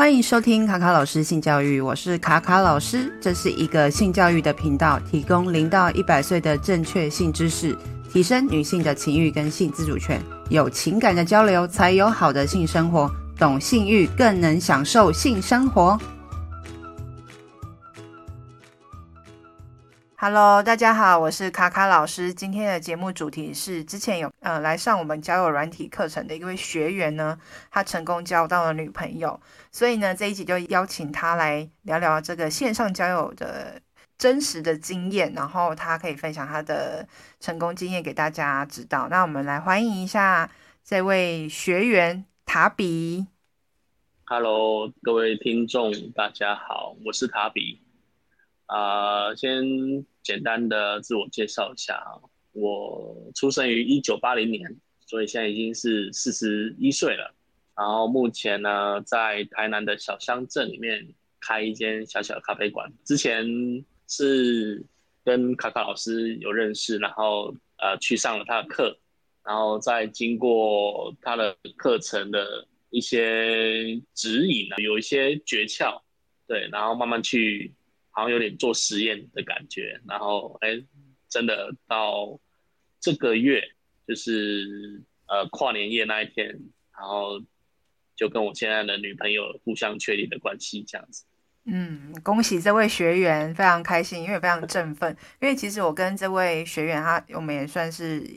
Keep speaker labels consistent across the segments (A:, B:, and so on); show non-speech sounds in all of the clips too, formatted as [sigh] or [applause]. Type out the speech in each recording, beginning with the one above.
A: 歡迎收聽卡卡老師性教育，我是卡卡老師，這是一個性教育的頻道，提供零到一百歲的正確性知識，提升女性的情欲跟性自主權，有情感的交流才有好的性生活，懂性欲更能享受性生活。Hello，大家好，我是卡卡老師。今天的節目主題是之前有呃來上我們交友軟體課程的一位學員呢，他成功交到了女朋友，所以呢這一集就邀請他來聊聊這個線上交友的真實的經驗，然後他可以分享他的成功經驗給大家知道。那我們來歡迎一下這位學員塔比。
B: Hello，各位聽眾，大家好，我是塔比。啊、呃，先簡單的自我介紹一下啊，我出生於一九八零年，所以現在已經是四十一歲了。然後目前呢，在台南的小鄉鎮裡面開一間小小的咖啡館。之前是跟卡卡老師有認識，然後呃去上了他的課，然後再經過他的課程的一些指引啊，有一些訣竅，對，然後慢慢去。好像有點做實驗的感覺，然後哎、欸，真的到這個月就是呃跨年夜那一天，然後就跟我現在的女朋友互相確立的關係這樣子。嗯，
A: 恭喜這位學員，非常開心，因為非常振奮。 [laughs] 因為其實我跟這位學員，他我們也算是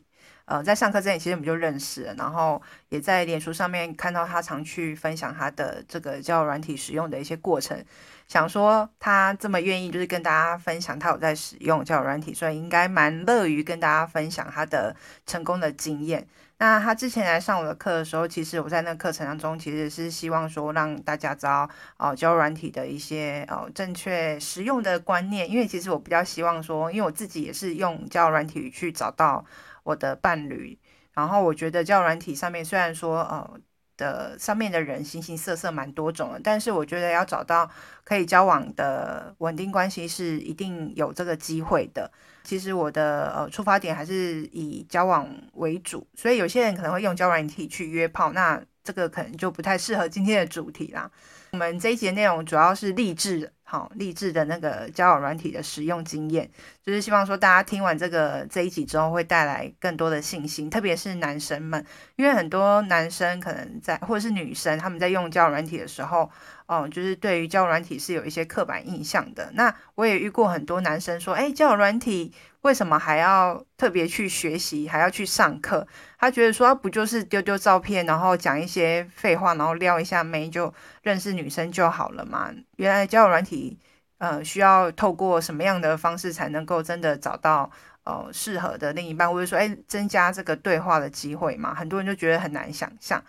A: 呃在上課之前其實我們就認識了，然後也在臉書上面看到他常去分享他的這個交友軟體使用的一些過程。想說他這麼願意，就是跟大家分享他有在使用交友軟體，所以應該蠻樂於跟大家分享他的成功的經驗。那他之前來上我的課的時候，其實我在那個課程當中其實是希望說，讓大家知道哦，交友軟體的一些哦正確實用的觀念。因為其實我比較希望說，因為我自己也是用交友軟體去找到我的伴侶，然後我覺得交友軟體上面雖然說哦。的上面的人形形色色，蠻多種的。但是我覺得要找到可以交往的穩定關係，是一定有這個機會的。其實我的呃出發點還是以交往為主，所以有些人可能會用交友軟體去約炮，那這個可能就不太適合今天的主題啦。我們這一集的內容主要是勵志的。好勵志的那個交友軟體的使用經驗，就是希望說大家聽完這個這一集之後，會帶來更多的信心，特別是男生們，因為很多男生可能在或者是女生他們在用交友軟體的時候，哦、嗯，就是對於交友軟體是有一些刻板印象的。那我也遇過很多男生說，哎，交友軟體，為什麼還要特別去學習，還要去上課？他覺得說，不就是丟丟照片，然後講一些廢話，然後撩一下妹就認識女生就好了嘛？原來交友軟體，呃，需要透過什麼樣的方式才能夠真的找到呃適合的另一半？或者說，哎，增加這個對話的機會嘛？很多人就覺得很難想象。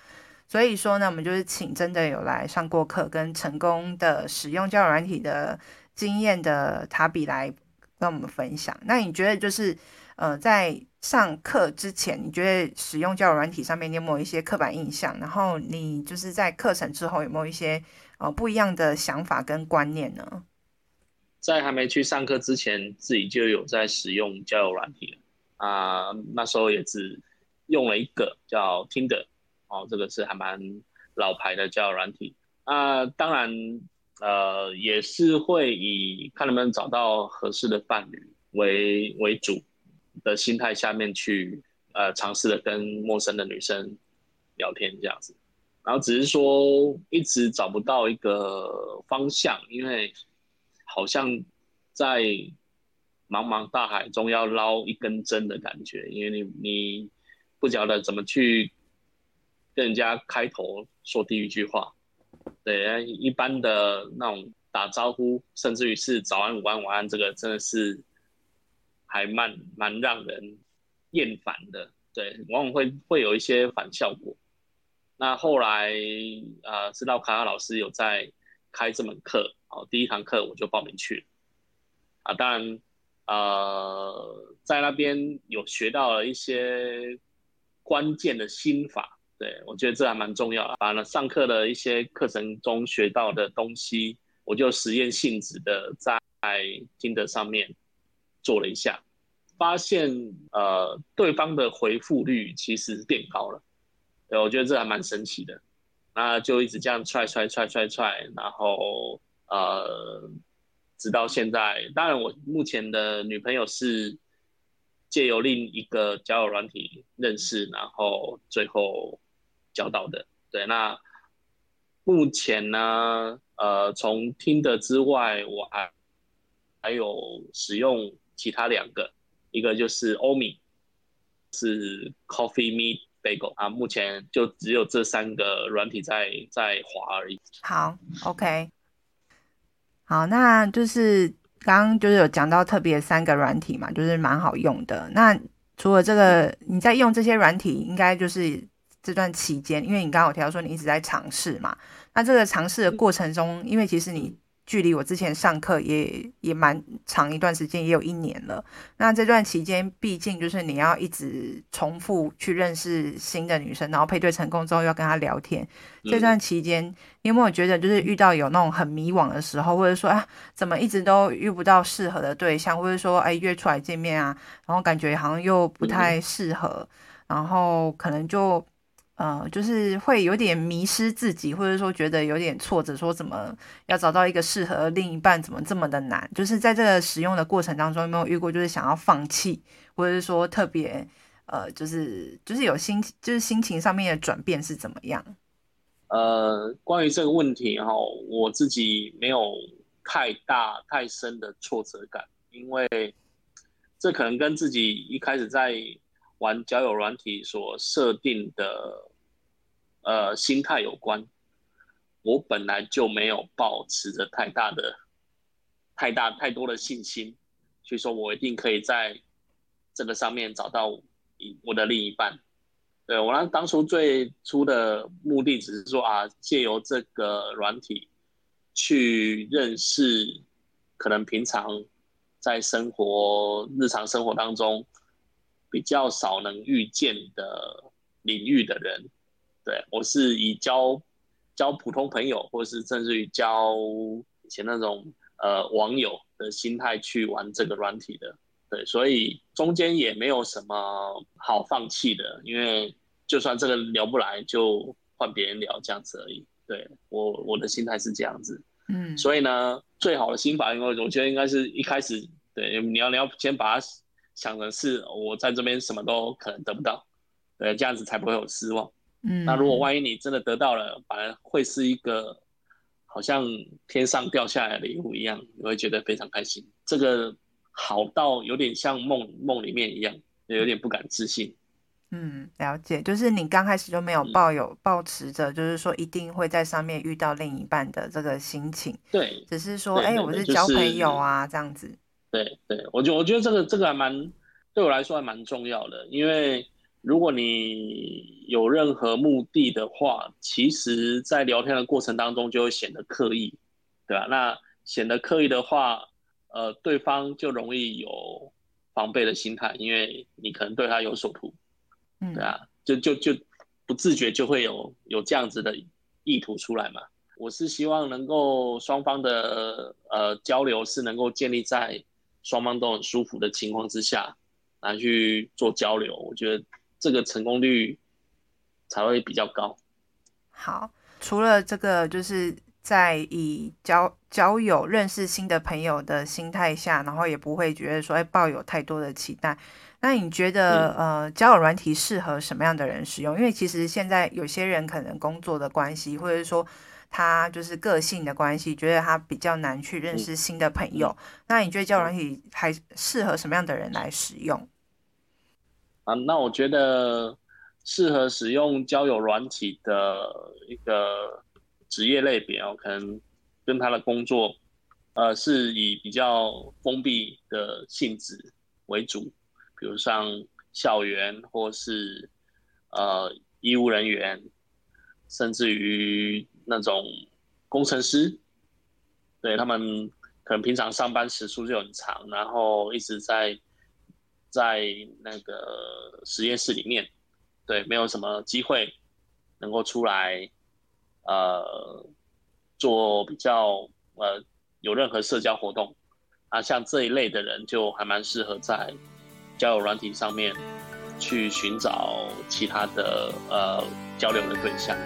A: 所以說呢，我們就是請真的有來上過課跟成功的使用交友軟體的經驗的塔比來，跟我們分享。那你覺得就是，呃，在上課之前，你覺得使用交友軟體上面你有沒有一些刻板印象？然後你就是在課程之後有沒有一些呃不一樣的想法跟觀念呢？
B: 在還沒去上課之前，自己就有在使用交友軟體啊、呃。那時候也只用了一個叫 Tinder 哦，這個是還蠻老牌的交友軟體。啊、呃，當然。呃，也是會以看能不能找到合適的伴侶為為主的心態下面去呃嘗試的跟陌生的女生聊天這樣子，然後只是說一直找不到一個方向，因為好像在茫茫大海中要撈一根針的感覺，因為你你不曉得怎麼去跟人家開頭說第一句話。對，一般的那種打招呼，甚至於是早安、午安、晚安，這個真的是還蠻蠻讓人厭煩的。對，往往會會有一些反效果。那後來啊，呃，知道卡卡老師有在開這門課，哦，第一堂課我就報名去了。啊，當然，呃，在那邊有學到了一些關鍵的心法。對，我覺得這還蠻重要的。把，上課的一些課程中學到的東西，我就實驗性質的在金德上面做了一下，發現呃對方的回覆率其實變高了。對，我覺得這還蠻神奇的。那就一直這樣 try try try try try，然後呃直到現在。當然，我目前的女朋友是借由另一個交友軟體認識，然後最後。交到的對，那目前呢？呃，從聽的之外，我還，還有使用其他兩個，一個就是 Omi，是 Coffee Meets Bagel 啊。目前就只有這三個軟體在在滑而已。
A: 好，OK，好，那就是剛剛就是有講到特別的三個軟體嘛，就是蠻好用的。那除了這個，你在用這些軟體，應該就是。這段期間，因為你剛剛有提到說你一直在嘗試嘛，那這個嘗試的過程中，因為其實你距離我之前上課也也蠻長一段時間，也有一年了。那這段期間，畢竟就是你要一直重複去認識新的女生，然後配對成功之後要跟她聊天。這段期間，你有沒有覺得就是遇到有那種很迷惘的時候，或者說啊，怎麼一直都遇不到適合的對象，或者說哎約出來見面啊，然後感覺好像又不太適合，然後可能就。呃，就是會有點迷失自己，或者說覺得有點挫折，說怎麼要找到一個適合另一半，怎麼這麼的難？就是在這個使用的過程當中，有沒有遇過就是想要放棄，或者是說特別呃，就是就是有心就是心情上面的轉變是怎麼樣？
B: 呃，關於這個問題哈、哦，我自己沒有太大太深的挫折感，因為這可能跟自己一開始在。玩交友軟體所設定的，呃，心態有關。我本來就沒有保持着太大的、太大、太多的信心，所以說我一定可以在這個上面找到我的另一半。對，我當初最初的目的只是說啊，借由這個軟體去認識，可能平常在生活、日常生活當中。比較少能遇見的領域的人，對，我是以交交普通朋友，或者是甚至於交以前那種呃網友的心態去玩這個軟體的，對，所以中間也沒有什麼好放棄的，因為就算這個聊不來，就換別人聊這樣子而已。對，我我的心態是這樣子，嗯，所以呢，最好的心法，因為我覺得應該是一開始，對，你要你要先把它。想的是我在這邊什麼都可能得不到，對，這樣子才不會有失望。嗯，那如果萬一你真的得到了，反而會是一個好像天上掉下來的禮物一樣，你會覺得非常開心。這個好到有點像夢夢裡面一樣，有點不敢置信。嗯，
A: 了解，就是你剛開始就沒有抱有、嗯、抱持着，就是說一定會在上面遇到另一半的這個心情。對，只是說，哎、欸，我是交朋友啊，就是、這樣子。對對，我
B: 覺我覺得這個這個還蠻對我來說還蠻重要的，因為如果你有任何目的的話，其實在聊天的過程當中就會顯得刻意，對吧？那顯得刻意的話，呃，對方就容易有防備的心態，因為你可能對他有所圖，對啊，就就就不自覺就會有有這樣子的意圖出來嘛。我是希望能夠雙方的呃交流是能夠建立在。雙方都很舒服的情況之下，來去做交流，我覺得這個成功率才會比較高。
A: 好，除了這個，就是在以交交友、認識新的朋友的心態下，然後也不會覺得說，哎，抱有太多的期待。那你覺得，嗯，呃交友軟體適合什麼樣的人使用？因為其實現在有些人可能工作的關係，或者說。他就是個性的關係，覺得他比較難去認識新的朋友。嗯、那你覺得交友軟體還適合什麼樣的人來使用？
B: 啊、嗯，那我覺得適合使用交友軟體的一個職業類別哦，可能跟他的工作，呃，是以比較封閉的性質為主，比如像校園或是呃醫務人員，甚至於。那種工程師，對，他們可能平常上班時數就很長，然後一直在在那個實驗室裡面，對，沒有什麼機會能夠出來，呃，做比較呃有任何社交活動啊，像這一類的人就還蠻適合在交友軟體上面去尋找其他的呃交流的對象。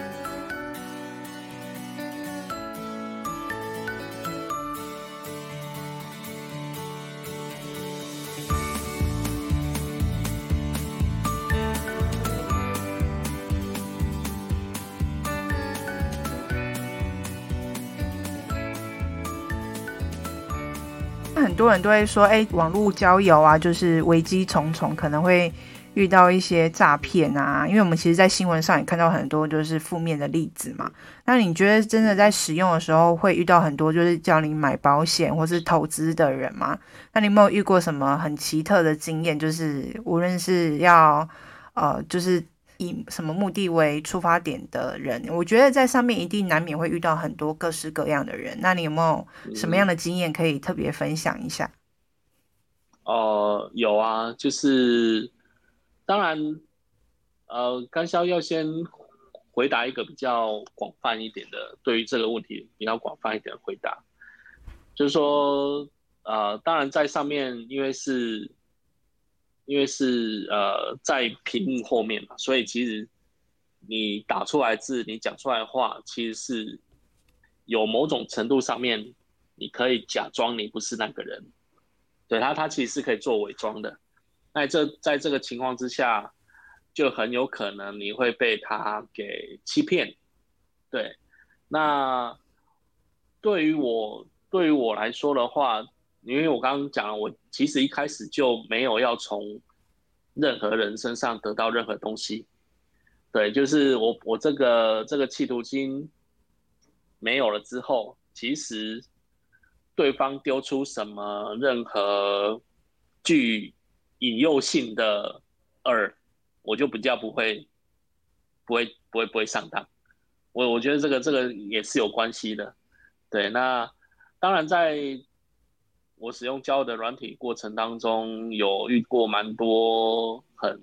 A: 很多人都會說，欸，網絡交友啊，就是危機重重，可能會遇到一些詐騙啊。因為我們其實，在新聞上也看到很多就是負面的例子嘛。那你覺得真的在使用的時候，會遇到很多就是叫你買保險或是投資的人嗎？那你有沒有遇過什麼很奇特的經驗？就是無論是要，呃，就是。以什麼目的為出發點的人，我覺得在上面一定難免會遇到很多各式各樣的人。那你有沒有什麼樣的經驗可以特別分享一下？哦、嗯
B: 呃，有啊，就是當然，呃，剛才要先回答一個比較廣泛一點的，對於這個問題比較廣泛一點的回答，就是說，呃，當然在上面，因為是。因為是呃在屏幕後面嘛，所以其實你打出來字，你講出來話，其實是有某種程度上面，你可以假裝你不是那個人，對他，他其實是可以做偽裝的。那這在這個情況之下，就很有可能你會被他給欺騙。對，那對於我對於我來說的話。因為我剛剛講了，我其實一開始就沒有要從任何人身上得到任何東西。對，就是我我這個這個企圖心沒有了之後，其實對方丟出什麼任何具引誘性的餌，我就比較不會不會不會不會上當。我我覺得這個這個也是有關係的。對，那當然在。我使用交友的軟體過程當中，有遇過蠻多很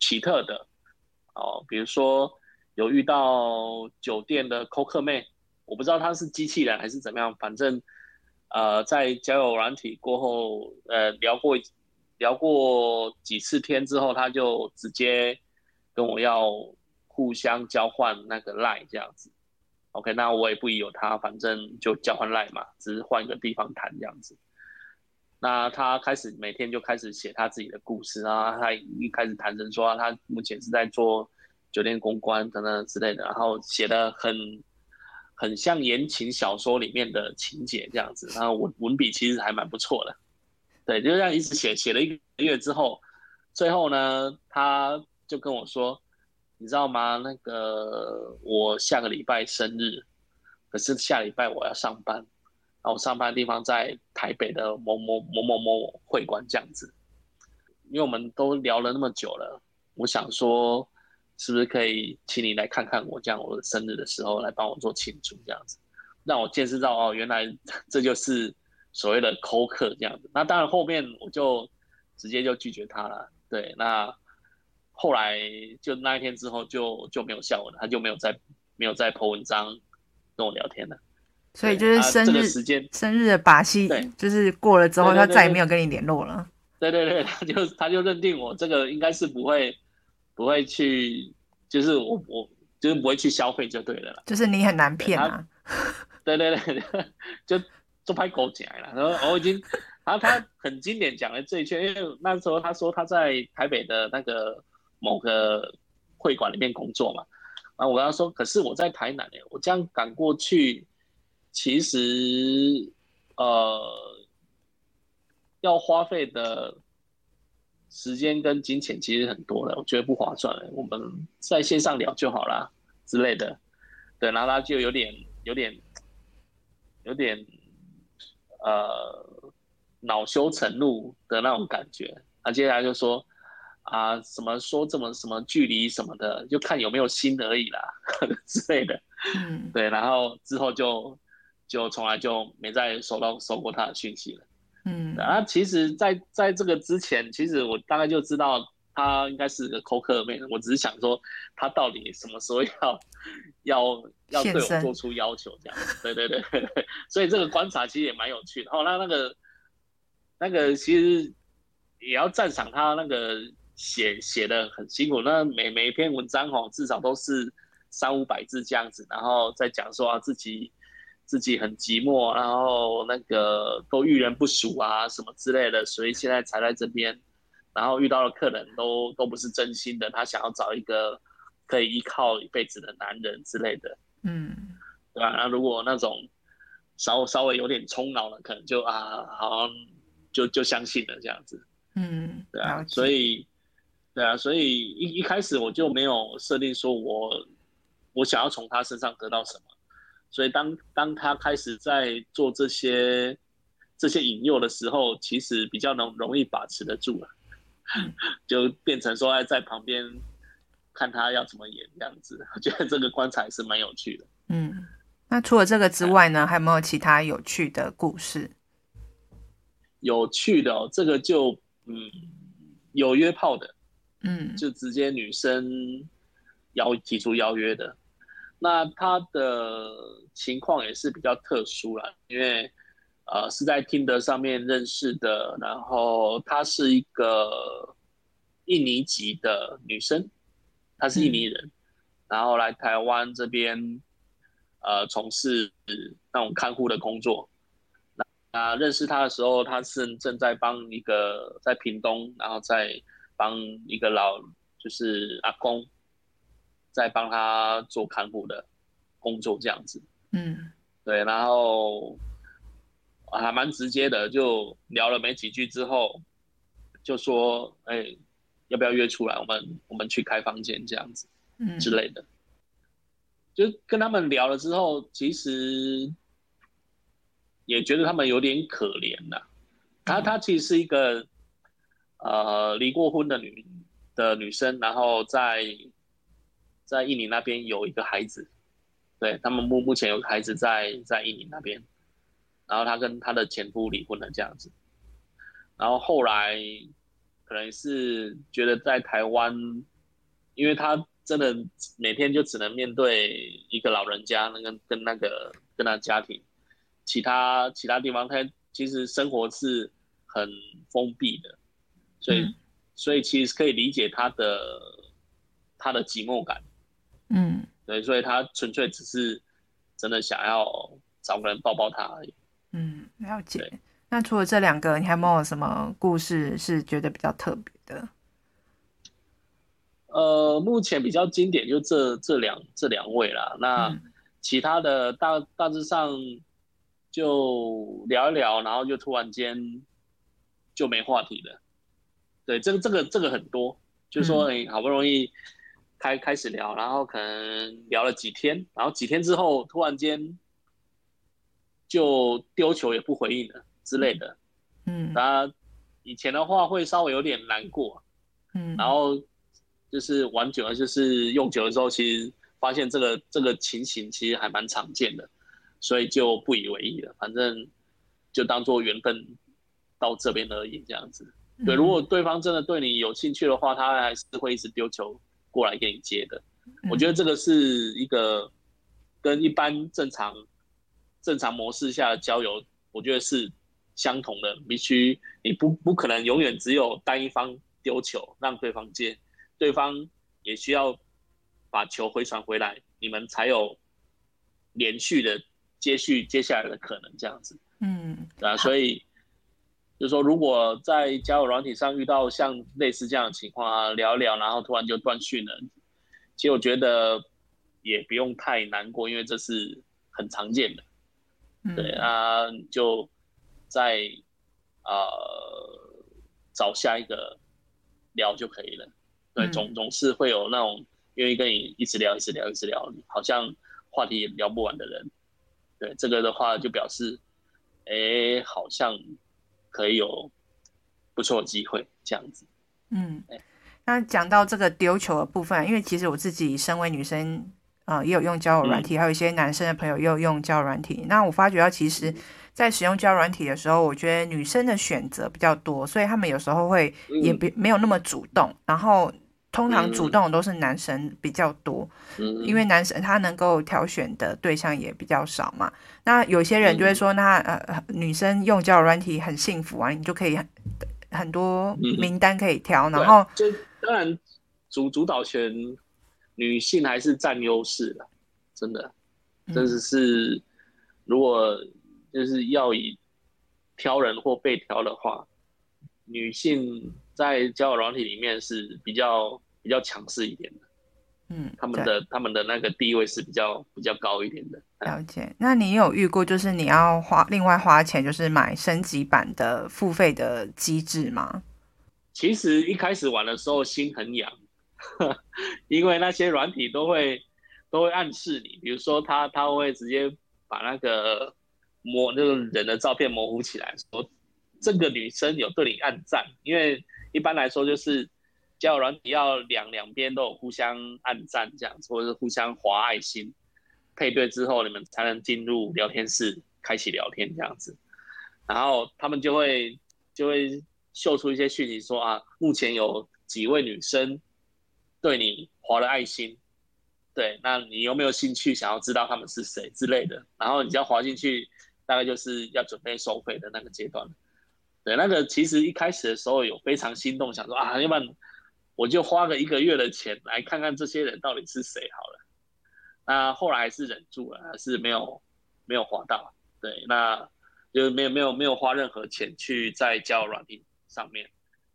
B: 奇特的哦、呃，比如說有遇到酒店的摳客妹，我不知道她是機器人還是怎麼樣，反正呃在交友軟體過後，呃聊過聊過幾次天之後，她就直接跟我要互相交換那個賴這樣子，OK，那我也不疑有他，反正就交換賴嘛，只是換一個地方談這樣子。那他開始每天就開始寫他自己的故事啊，然後他一開始坦承說，他目前是在做酒店公關等等之類的，然後寫的很很像言情小說裡面的情節這樣子，然後文文筆其實還蠻不錯的。對，就這樣一直寫，寫了一個月之後，最後呢，他就跟我說，你知道嗎？那個我下個禮拜生日，可是下禮拜我要上班。哦，啊、我上班的地方在台北的某某某某某會館這樣子，因為我們都聊了那麼久了，我想說，是不是可以請你來看看我，這樣我的生日的時候來幫我做慶祝這樣子，讓我見識到哦，原來這就是所謂的摳客這樣子。那當然後面我就直接就拒絕他了，對，那後來就那一天之後就就沒有下文了，他就沒有再沒有再破文章跟我聊天了。
A: 所以就是生日對、啊這個、時間，生日的把戲，就是過了之後，對對對對他再也沒有跟你聯絡了。
B: 對對對，他就他就認定我這個應該是不會不會去，就是我我就是不會去消費就對了啦。
A: 就是你很難騙啊
B: 對。對對對， [laughs] 就就拍狗起來了。然後我已經，他他很經典講了這一圈，因為那時候他說他在台北的那個某個會館裡面工作嘛。然後我跟他說，可是我在台南耶、欸，我這樣趕過去。其實，呃，要花費的時間跟金錢其實很多的，我覺得不划算，我們在線上聊就好啦之類的，對，然後他就有點、有點、有點，呃，惱羞成怒的那種感覺。啊，接下來就說啊，什麼說這麼什麼距離什麼的，就看有沒有心而已啦呵呵之類的。嗯、對，然後之後就。就從來就沒再收到收過他的訊息了，嗯，然、啊、其實在，在在這個之前，其實我大概就知道他應該是個摳客的類型，我只是想說他到底什麼時候要要要對我做出要求這樣，身對對對 [laughs] 所以這個觀察其實也蠻有趣的。哦，那那個那個其實也要讚賞他那個寫寫得很辛苦，那每每一篇文章吼，至少都是三五百字這樣子，然後再講說、啊、自己。自己很寂寞，然後那個都遇人不淑啊，什麼之類的，所以現在才在這邊，然後遇到的客人都都不是真心的，他想要找一個可以依靠一輩子的男人之類的，嗯，對吧、啊？那如果那種稍稍微有點衝腦了，可能就啊，好像就就相信了這樣子，嗯，對啊，了解，對啊，所以對啊，所以一一開始我就沒有設定說我我想要從他身上得到什麼。所以當當他開始在做這些這些引誘的時候，其實比較能容易把持得住了，嗯、 [laughs] 就變成說哎，在旁邊看他要怎麼演這樣子，我覺得這個棺材是蠻有趣的。
A: 嗯，那除了這個之外呢，對還有沒有其他有趣的故事？
B: 有趣的哦，這個就嗯有約炮的，
A: 嗯，
B: 就直接女生邀提出邀約的。那他的情況也是比較特殊啦，因為呃是在 Tinder 上面認識的，然後她是一個印尼籍的女生，她是印尼人，嗯、然後來台灣這邊呃從事那種看護的工作。那，那認識他的時候，他是正在幫一個在屏東，然後在幫一個老就是阿公。在幫他做看護的工作這樣子，嗯，對，然後還蠻直接的，就聊了沒幾句之後，就說：“哎、欸，要不要約出來？我們我們去開房間這樣子，嗯之類的。”嗯、就跟他們聊了之後，其實也覺得他們有點可憐、啊嗯、他她她其實是一個呃離過婚的女的女生，然後在。在印尼那邊有一個孩子，對，他們目目前有個孩子在在印尼那邊，然後他跟他的前夫離婚了這樣子，然後後來可能是覺得在台灣，因為他真的每天就只能面對一個老人家，那個跟那個跟他家庭，其他其他地方他其實生活是很封閉的，所以所以其實可以理解他的他的寂寞感。嗯，對，所以他純粹只是真的想要找個人抱抱他而已。嗯，
A: 了解。對那除了這兩個，你還有沒有什麼故事是覺得比較特別
B: 的？呃，目前比較經典就這這兩這兩位啦。那其他的大大致上就聊一聊，然後就突然間就沒話題了。對，這個、這個這個很多，就是說，你好不容易。嗯開開始聊，然後可能聊了幾天，然後幾天之後突然間就丟球也不回應了之類的，
A: 嗯，
B: 啊，以前的話會稍微有點難過，嗯，然後就是玩久了，就是用久了之後，其實發現這個這個情形，其實還蠻常見的，所以就不以為意了，反正就當做緣分到這邊而已這樣子。對，如果對方真的對你有興趣的話，他還是會一直丟球。過來給你接的，我覺得這個是一個跟一般正常正常模式下的交友，我覺得是相同的。必須，你不不可能永遠只有單一方丟球讓對方接，對方也需要把球回傳回來，你們才有連續的接續接下來的可能這樣子。嗯，啊，所以。就是說，如果在交友軟體上遇到像類似這樣的情況啊，聊聊，然後突然就斷訊了，其實我覺得也不用太難過，因為這是很常見的。對、嗯、啊，就再啊、呃、找下一個聊就可以了。對，嗯、總總是會有那種願意跟你一直聊、一直聊、一直聊，好像話題也聊不完的人。對，這個的話就表示，哎、欸，好像，可以有不錯機會這樣子。
A: 嗯，那講到這個丟球的部分，因為其實我自己身為女生，啊、呃，也有用交友軟體，嗯、還有一些男生的朋友也有用交友軟體。那我發覺到，其實，在使用交友軟體的時候，我覺得女生的選擇比較多，所以他們有時候會也沒有那麼主動，嗯、然後。通常主動的都是男生比較多，嗯嗯、因為男生他能夠挑選的對象也比較少嘛。那有些人就會說，那呃，嗯、女生用交友軟體很幸福啊，你就可以很多名單可以挑。嗯、然後，
B: 啊、就當然主主導權女性還是佔優勢的，真的，真的是，是，如果就是要以挑人或被挑的話，女性在交友軟體裡面是比較。比較強勢一點的，
A: 嗯，他們的
B: 對他們的那個地位是比較比較高一點的。嗯、
A: 了解，那你有遇過就是你要花另外花錢就是買升級版的付費的機制嗎？
B: 其實一開始玩的時候心很癢，因為那些軟體都會都會暗示你，比如說他他會直接把那個模那個人的照片模糊起來，說這個女生有對你暗贊，因為一般來說就是。你要軟體要兩兩邊都有互相按讚這樣子，或者是互相滑愛心，配對之後你們才能進入聊天室開啟聊天這樣子，然後他們就會就會秀出一些訊息說啊，目前有幾位女生對你滑了愛心，對，那你有沒有興趣想要知道他們是誰之類的？然後你只要滑進去，大概就是要準備收費的那個階段，對，那個其實一開始的時候有非常心動，想說啊，要不然。我就花個一個月的錢來看看這些人到底是誰好了。那後來還是忍住了，還是沒有沒有花到。對，那就沒有沒有沒有花任何錢去在交友軟件上面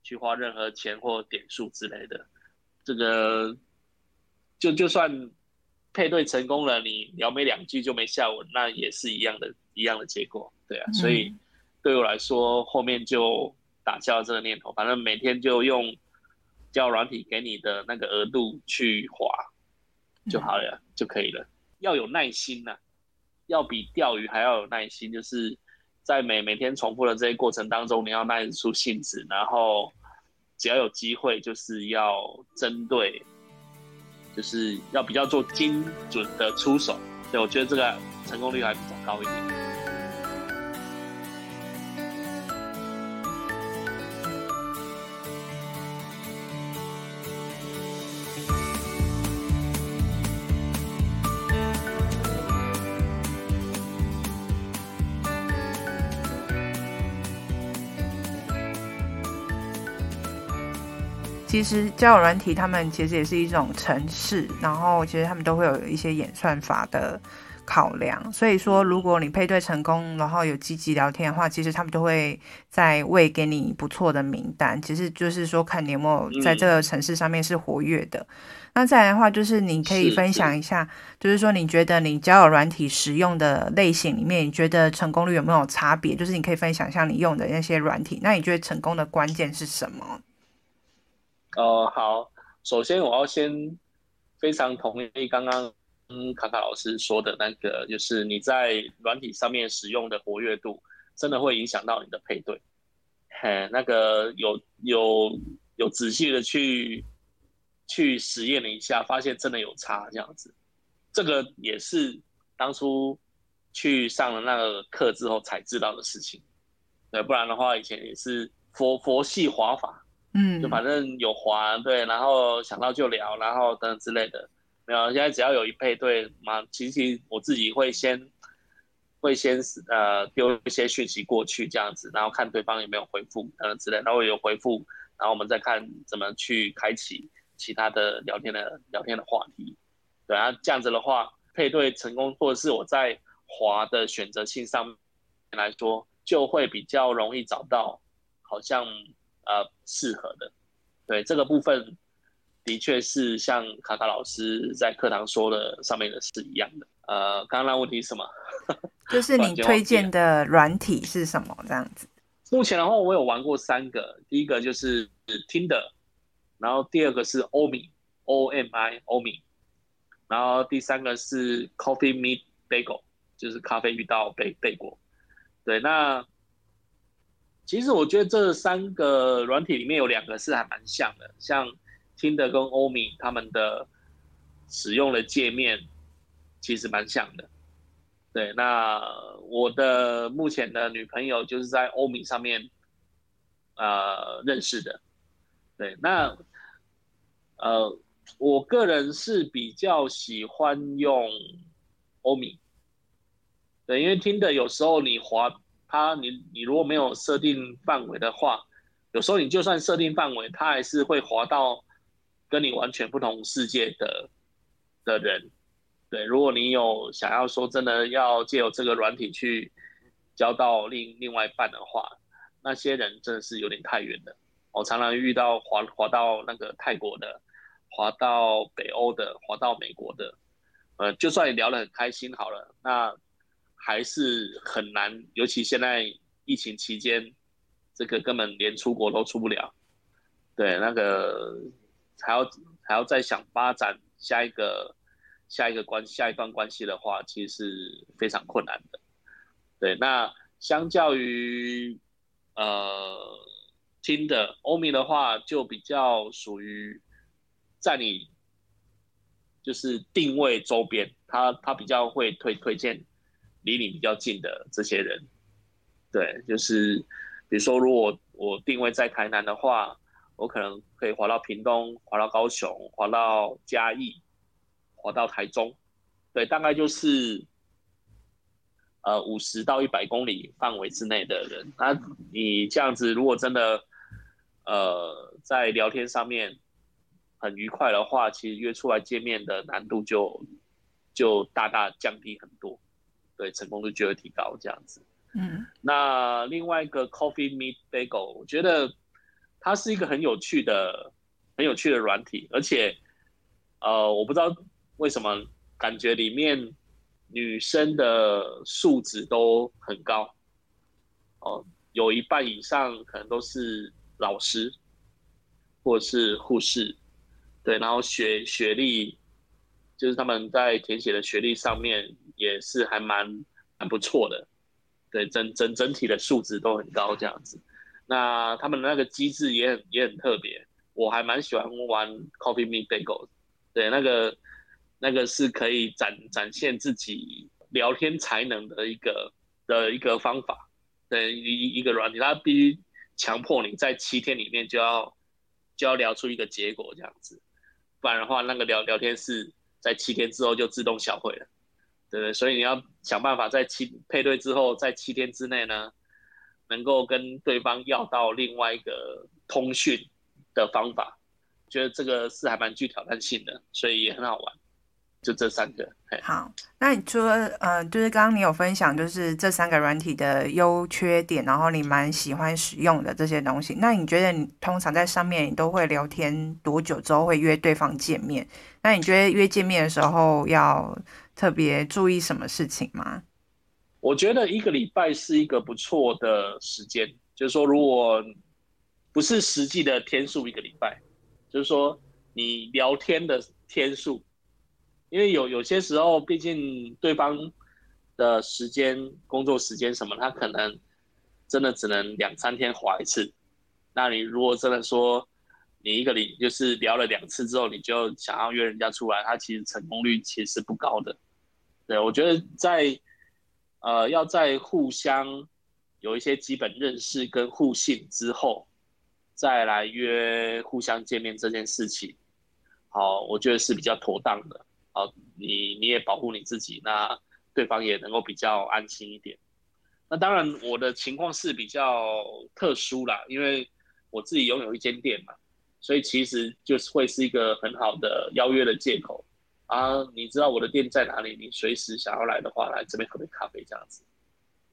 B: 去花任何錢或點數之類的。這個就就算配對成功了，你聊沒兩句就沒下文，那也是一樣的，一樣的結果。對啊，所以對我來說，嗯、後面就打消了這個念頭。反正每天就用。交軟體給你的那個額度去滑就好了，嗯、就可以了，要有耐心吶、啊，要比釣魚還要有耐心，就是在每每天重複的這些過程當中，你要耐出性子，然後只要有機會，就是要針對，就是要比較做精準的出手。所以我覺得這個成功率還比較高一點。
A: 其實交友軟體，他們其實也是一種程式，然後其實他們都會有一些演算法的考量。所以說，如果你配對成功，然後有積極聊天的話，其實他們都會再餵給你不錯的名單。其實就是說，看你有沒有在這個程式上面是活躍的。嗯、那再來的話，就是你可以分享一下，是是就是說你覺得你交友軟體使用的類型裡面，你覺得成功率有沒有差別？就是你可以分享一下你用的那些軟體。那你覺得成功的關鍵是什麼？
B: 哦、呃，好，首先我要先非常同意剛剛嗯卡卡老師說的那個，就是你在軟體上面使用的活躍度，真的會影響到你的配對。嘿，那個有有有仔細的去去實驗了一下，發現真的有差這樣子。這個也是當初去上了那個課之後才知道的事情。對，不然的話以前也是佛佛系滑法。嗯，就反正有滑，對，然後想到就聊，然後等等之類的。沒有，現在只要有一配對，嘛，其實我自己會先會先呃丟一些訊息過去這樣子，然後看對方有沒有回復，等等之類的，然後有回復，然後我們再看怎麼去開啟其他的聊天的聊天的話題。對，然後，這樣子的話，配對成功，或者是我在滑的選擇性上面來說，就會比較容易找到，好像。呃，適合的，對，這個部分的確是像卡卡老師在課堂說的上面的是一樣的。呃，剛剛那問題是什麼？
A: 就是你推薦的軟體是什麼？這樣子。目前的話，我有玩
B: 過三個，第一個就是 Tinder，然後第二個是 Omi，O M I，Omi，然後第三個是 Coffee Meets Bagel，就是咖啡遇到貝貝果。對，那。其實我覺得這三個軟體裡面有兩個是還蠻像的，像 Tinder 跟 Omi 他們的使用的界面，其實蠻像的。對，那我的目前的女朋友就是在 Omi 上面呃認識的。對，那呃，我個人是比較喜歡用 Omi。對，因為 Tinder 有時候你滑。他你你如果沒有設定範圍的話，有時候你就算設定範圍，他還是會滑到跟你完全不同世界的的人。對，如果你有想要說真的要借由這個軟體去交到另另外一半的話，那些人真的是有點太遠了哦。我常常遇到滑滑到那個泰國的，滑到北歐的，滑到美國的，呃，就算你聊得很開心好了，那。還是很難，尤其現在疫情期間，這個根本連出國都出不了。對，那個還要還要再想發展下一個下一個關下一段關係的話，其實是非常困難的。對，那相較於呃 TinderOmi 的話，就比較屬於在你就是定位周邊，他他比較會推推薦。離你比較近的這些人，對，就是，比如說，如果我定位在台南的話，我可能可以滑到屏東，滑到高雄，滑到嘉義，滑到台中，對，大概就是，呃，五十到一百公里範圍之內的人。那、啊、你這樣子，如果真的，呃，在聊天上面很愉快的話，其實約出來見面的難度就就大大降低很多。對，成功率就會提高，這樣子。嗯，那另外一個 Coffee Meet Bagel，我覺得它是一個很有趣的、很有趣的軟體，而且，呃，我不知道為什麼感覺裡面女生的素質都很高，哦、呃，有一半以上可能都是老師或者是護士，對，然後學學歷。就是他們在填寫的學歷上面也是還蠻蠻不錯的，對，整整整體的素質都很高這樣子。那他們的那個機製也很也很特別，我還蠻喜歡玩 Coffee Meets Bagel。對，那個那個是可以展展現自己聊天才能的一個的一個方法，對一一個軟體，它必須強迫你在七天裡面就要就要聊出一個結果這樣子，不然的話那個聊聊天室。在七天之後就自動銷毀了，對不對？所以你要想辦法在七配對之後，在七天之內呢，能夠跟對方要到另外一個通訊的方法，覺得這個是還蠻具挑戰性的，所以也很好玩。就這三個。好，
A: 那你說，呃，就是剛剛你有分享，就是這三個軟體的優缺點，然後你蠻喜歡使用的這些東西。那你覺得你通常在上面你都會聊天多久之後會約對方見面？那你覺得約見面的時候要特別注意什麼事情嗎？
B: 我覺得一個禮拜是一個不錯的時間，就是說，如果不是實際的天數，一個禮拜，就是說你聊天的天數。因為有有些時候，畢竟對方的時間、工作時間什麼，他可能真的只能兩三天滑一次。那你如果真的說你一個禮就是聊了兩次之後，你就想要約人家出來，他其實成功率其實不高的。對，我覺得在呃要在互相有一些基本認識跟互信之後，再來約互相見面這件事情，好、啊，我覺得是比較妥當的。好，你你也保護你自己，那對方也能夠比較安心一點。那當然，我的情況是比較特殊啦，因為我自己擁有一間店嘛，所以其實就是會是一個很好的邀約的借口啊。你知道我的店在哪裡？你隨時想要來的話，來這邊喝杯咖啡這樣子。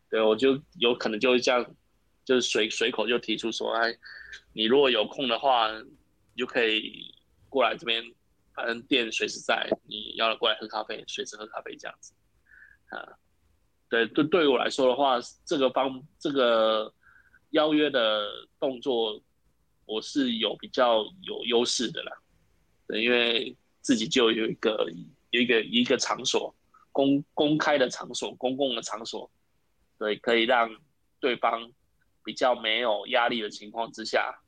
B: 對，我就有可能就會這樣，就是隨隨口就提出說，哎，你如果有空的話，你就可以過來這邊。反正店隨時在，你邀過來喝咖啡，隨時喝咖啡這樣子，啊，對，對，對我來說的話，這個方這個邀約的動作，我是有比較有優勢的啦，對，因為自己就有一個有一個一個場所，公公開的場所，公共的場所，對，可以讓對方比較沒有壓力的情況之下，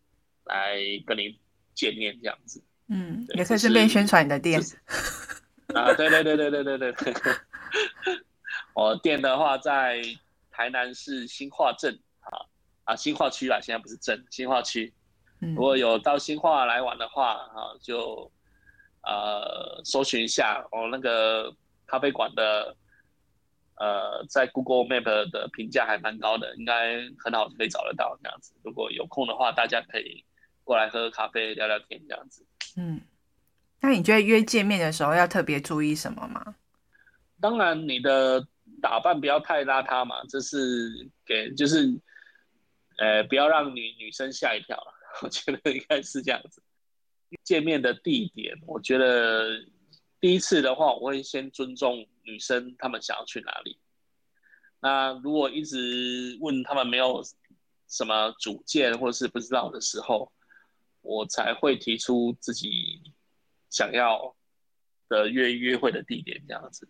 B: 來跟你見面這樣子。
A: 嗯，對也可以順便宣傳你的店。
B: 是是啊，對對對對對對對我、 [laughs] [laughs] 哦、店的話在台南市新化鎮，啊啊新化區吧，現在不是鎮，新化區。如果有到新化來玩的話，啊，就呃搜尋一下我、哦、那個咖啡館的，呃，在 Google Map 的評價還蠻高的，應該很好可以找得到那樣子。如果有空的話，大家可以。過來喝喝咖啡聊聊天這樣子，
A: 嗯，那你覺得約見面的時候要特別注意什麼嗎？
B: 當然，你的打扮不要太邋遢嘛，這是給就是，呃，不要讓女女生嚇一跳，我覺得應該是這樣子。見面的地點，我覺得第一次的話，我會先尊重女生他們想要去哪裡。那如果一直問他們沒有什麼主見或是不知道的時候，我才會提出自己想要的約約會的地點這樣子。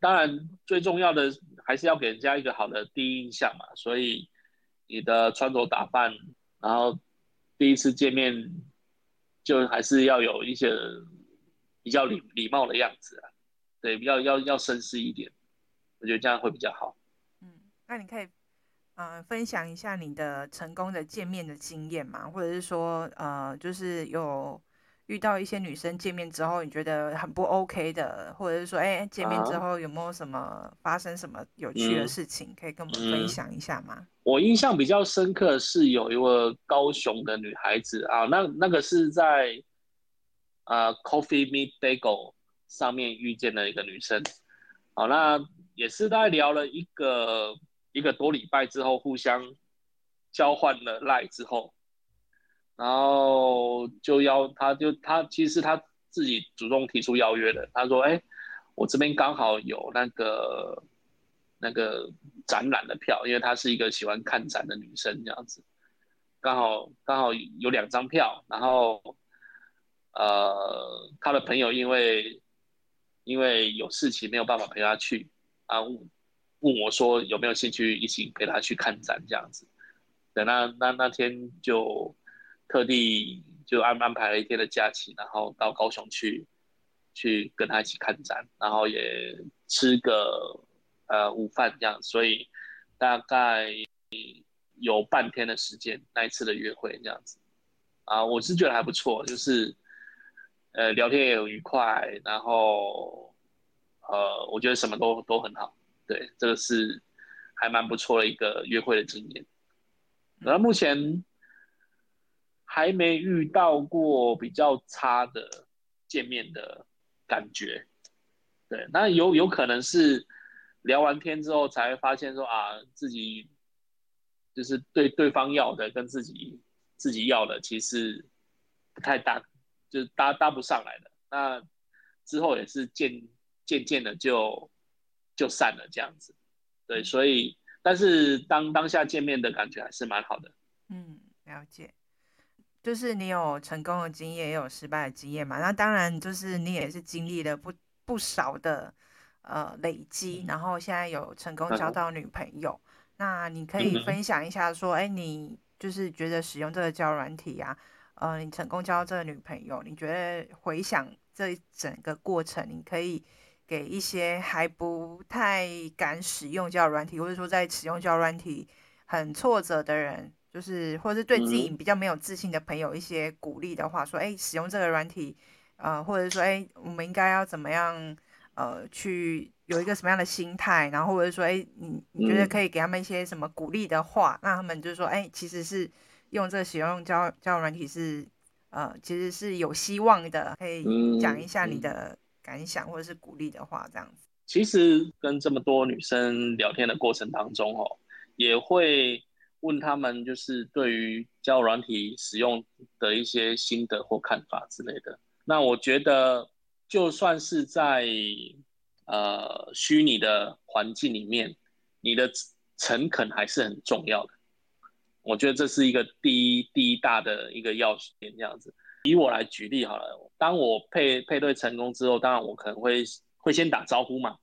B: 當然，最重要的還是要給人家一個好的第一印象嘛。所以你的穿着打扮，然後第一次見面就還是要有一些比較禮禮貌的樣子啊，對，比較要要紳士一點，我覺得這樣會比較好。
A: 嗯，那你可以。呃、分享一下你的成功的見面的經驗嘛，或者是說，呃，就是有遇到一些女生見面之後，你覺得很不 OK 的，或者是說，哎，見面之後有沒有什麼發生什麼有趣的事情，嗯、可以跟我們分享一下嗎？嗯、
B: 我印象比較深刻的是有一位高雄的女孩子啊，那那個是在、啊、Coffee Meets Bagel 上面遇見的一個女生，好、啊，那也是在聊了一個。一個多禮拜之後，互相交換了賴之後，然後就邀他，就他其實他自己主動提出邀約的。他說：“哎，我這邊剛好有那個那個展覽的票，因為她是一個喜歡看展的女生，這樣子，剛好剛好有兩張票。然後，呃，他的朋友因為因為有事情沒有辦法陪他去，啊、嗯問我說有沒有興趣一起陪他去看展這樣子，那那那，那天就特地就安安排了一天的假期，然後到高雄去去跟他一起看展，然後也吃個呃午飯這樣子，所以大概有半天的時間那一次的約會這樣子。啊、呃，我是覺得還不錯，就是呃聊天也很愉快，然後呃我覺得什麼都都很好。對，這個是還蠻不錯的一個約會的經驗，然後目前還沒遇到過比較差的見面的感覺。對，那有有可能是聊完天之後才發現說、嗯、啊，自己就是對對方要的跟自己自己要的其實不太搭，就搭搭不上來的。那之後也是漸漸漸的就。就散了這樣子，對，所以但是當當下見面的感覺還是蠻好的。
A: 嗯，了解，就是你有成功的經驗，也有失敗的經驗嘛。那當然就是你也是經歷了不不少的呃累積，嗯、然後現在有成功交到女朋友。那，我那你可以分享一下說，哎、嗯哼欸，你就是覺得使用這個交友軟體啊，呃，你成功交到這個女朋友，你覺得回想這整個過程，你可以。給一些還不太敢使用交友軟體，或者說在使用交友軟體很挫折的人，就是，或者是對自己比較沒有自信的朋友一些鼓勵的話，說，哎、欸，使用這個軟體，呃，或者說，哎、欸，我們應該要怎麼樣，呃，去有一個什麼樣的心態，然後或者說，哎、欸，你你覺得可以給他們一些什麼鼓勵的話，那他們就是說，哎、欸，其實是用這使用交交友軟體是，呃，其實是有希望的，可以講一下你的。感想或者是鼓勵的話，這樣子。
B: 其實跟這麼多女生聊天的過程當中哦，也會問她們，就是對於交軟體使用的一些心得或看法之類的。那我覺得，就算是在呃虛擬的環境裡面，你的誠懇還是很重要的。我覺得這是一個第一第一大的一個要點，這樣子。以我來舉例好了，當我配配對成功之後，當然我可能會會先打招呼嘛，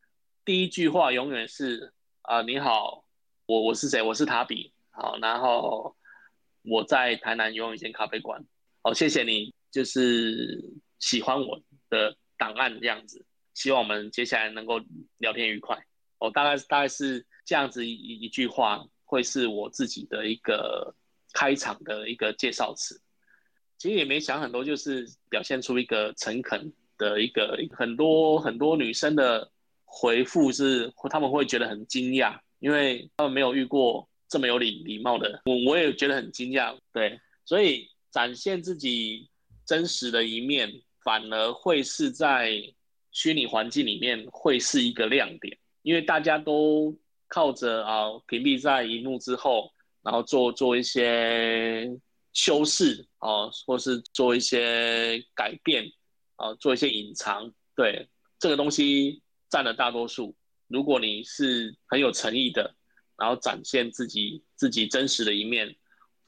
B: 第一句話永遠是啊、呃、你好，我我是誰？我是塔比，好，然後我在台南擁有一間咖啡館，好，謝謝你，就是喜歡我的檔案這樣子，希望我們接下來能夠聊天愉快，我、哦、大概大概是這樣子一一句話會是我自己的一個開場的一個介紹詞。其實也沒想很多，就是表現出一個誠懇的一個，很多很多女生的回覆是他們會覺得很驚訝，因為他們沒有遇過這麼有禮禮貌的。我我也覺得很驚訝，對。所以展現自己真實的一面，反而會是在虛擬環境裡面會是一個亮點，因為大家都靠着啊屏蔽在螢幕之後，然後做做一些。修飾哦、呃，或是做一些改變，哦、呃，做一些隱藏，對這個東西占了大多數。如果你是很有誠意的，然後展現自己自己真實的一面，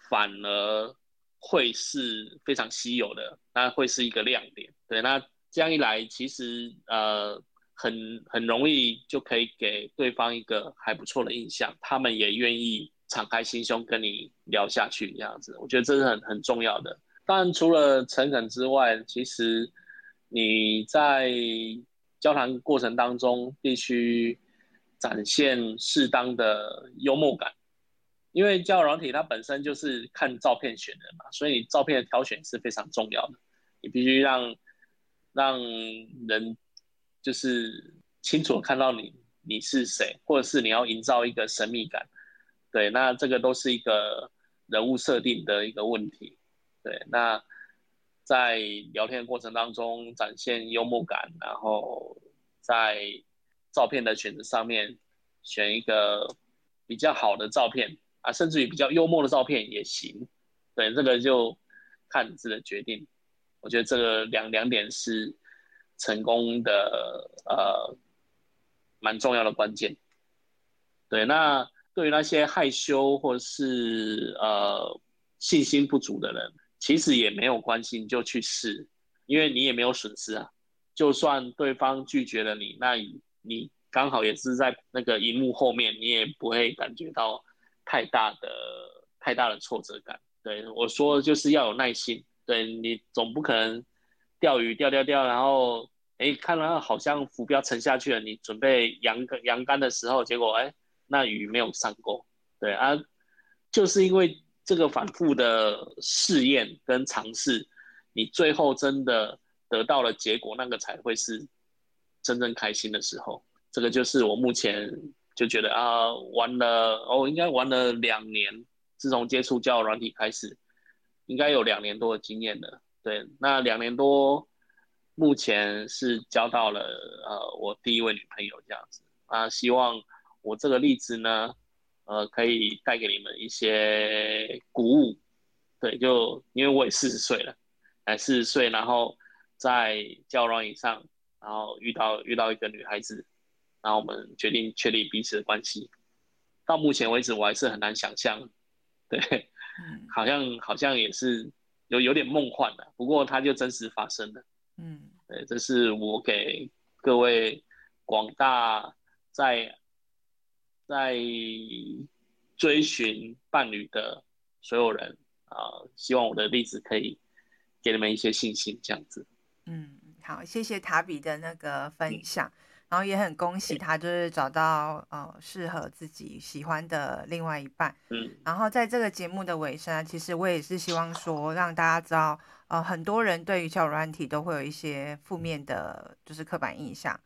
B: 反而會是非常稀有的，那會是一個亮點。對，那這樣一來，其實呃很很容易就可以給對方一個還不錯的印象，他們也願意。敞開心胸跟你聊下去，這樣子，我覺得這是很很重要的。當然，除了誠懇之外，其實你在交談過程當中，必須展現適當的幽默感。因為交友軟體，它本身就是看照片選人嘛，所以你照片的挑選是非常重要的。你必須讓讓人就是清楚看到你你是誰，或者是你要營造一個神秘感。對，那這個都是一個人物設定的一個問題。對，那在聊天過程當中展現幽默感，然後在照片的選擇上面選一個比較好的照片啊，甚至於比較幽默的照片也行。對，這個就看你自己的決定。我覺得這個兩兩點是成功的，呃，蠻重要的關鍵。對，那。對於那些害羞或是呃、信心不足的人，其實也沒有關係，你就去試，因為你也沒有損失啊。就算對方拒絕了你，那你剛好也是在那個熒幕後面，你也不會感覺到太大的太大的挫折感。對，我說的就是要有耐心。對，你總不可能釣魚釣釣釣，然後哎，看到好像浮標沉下去了，你準備揚竿揚竿的時候，結果哎。誒那魚沒有上鈎，對啊，就是因為這個反覆的試驗跟嘗試，你最後真的得到了結果，那個才會是真正開心的時候。這個就是我目前就覺得啊，玩了哦，應該玩了兩年，自從接觸交友軟體開始，應該有兩年多的經驗了。對，那兩年多，目前是交到了呃、啊，我第一位女朋友這樣子啊，希望。我這個例子呢，呃，可以帶給你們一些鼓舞，對，就因為我也四十歲了，才四十歲，然後在交往以上，然後遇到遇到一個女孩子，然後我們決定確立彼此的關係。到目前為止，我還是很難想象，對，好像好像也是有有點夢幻的，不過它就真實發生了。嗯，對，這是我給各位廣大在。在追尋伴侶的所有人啊、呃，希望我的例子可以給你們一些信心。這樣子，
A: 嗯，好，謝謝塔比的那個分享，嗯、然後也很恭喜他，就是找到、嗯、呃適合自己喜歡的另外一半。嗯，然後在這個節目的尾聲，其實我也是希望說，讓大家知道，呃，很多人對於交友軟體都會有一些負面的，就是刻板印象。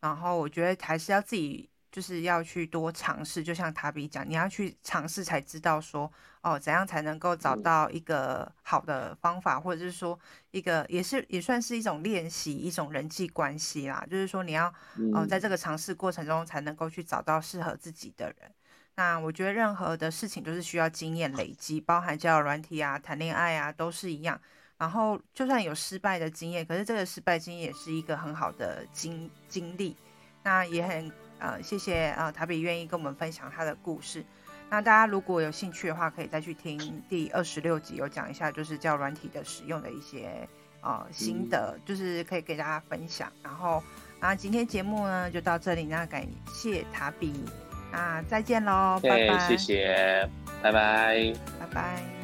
A: 然後我覺得還是要自己。就是要去多嘗試，就像塔比講，你要去嘗試才知道說，哦，怎樣才能夠找到一個好的方法，或者是說，一個也是也算是一種練習，一種人際關係啦。就是說，你要哦，在這個嘗試過程中，才能夠去找到適合自己的人。那我覺得任何的事情都是需要經驗累積，包含交友軟體啊、談戀愛啊，都是一樣。然後就算有失敗的經驗，可是這個失敗經驗也是一個很好的經經歷，那也很。呃、謝謝啊、呃，塔比願意跟我們分享他的故事。那大家如果有興趣的話，可以再去聽第二十六集，有講一下就是交軟體的使用的一些、呃、心得，嗯、就是可以給大家分享。然後啊，今天節目呢就到這裡，那感謝塔比那再見嘍，嘿拜拜，謝謝，
B: 拜拜，拜拜。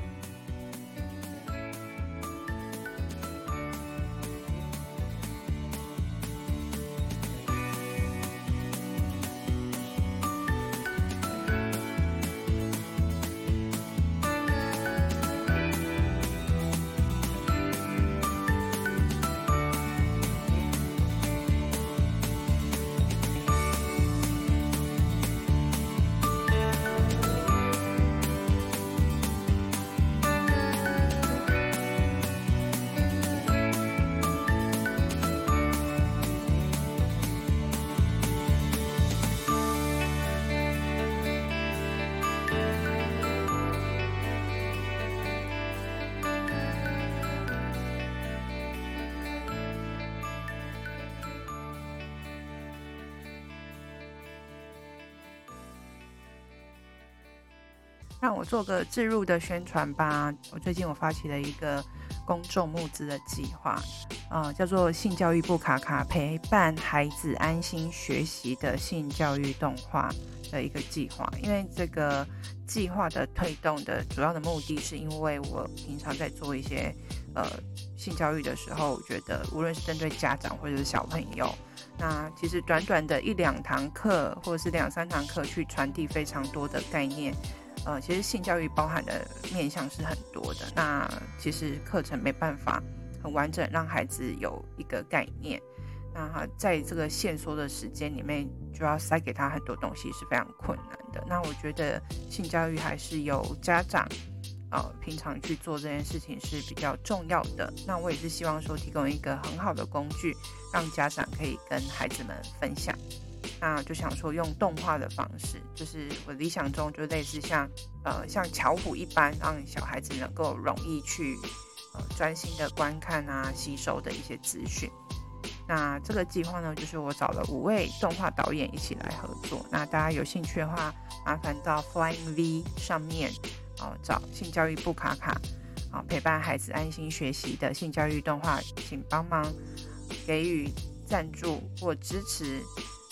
A: 讓我做個置入的宣傳吧。我最近我發起了一個公眾募資的計劃，啊，叫做“性教育不卡卡，陪伴孩子安心學習的性教育動畫”的一個計劃。因為這個計劃的推動的主要的目的是，因為我平常在做一些呃、性教育的時候，我覺得無論是針對家長或者是小朋友，那其實短短的一兩堂課或者是兩三堂課去傳遞非常多的概念。呃，其實性教育包含的面向是很多的，那其實課程沒辦法很完整讓孩子有一個概念，那在這個限縮的時間裡面，就要塞給他很多東西是非常困難的。那我覺得性教育還是由家長，哦、呃，平常去做這件事情是比較重要的。那我也是希望說提供一個很好的工具，讓家長可以跟孩子們分享。那就想說用動畫的方式，就是我理想中就類似像呃，像巧虎一般，讓小孩子能夠容易去呃，專心的觀看啊，吸收的一些資訊。那這個計劃呢，就是我找了五位動畫導演一起來合作。那大家有興趣的話，麻煩到 Flying V 上面，啊找性教育部卡卡，啊，陪伴孩子安心學習的性教育動畫，請幫忙給予贊助或支持。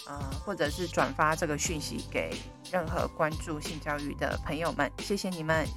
A: 啊、呃，或者是轉發這個訊息給任何關注性教育的朋友們，謝謝你們。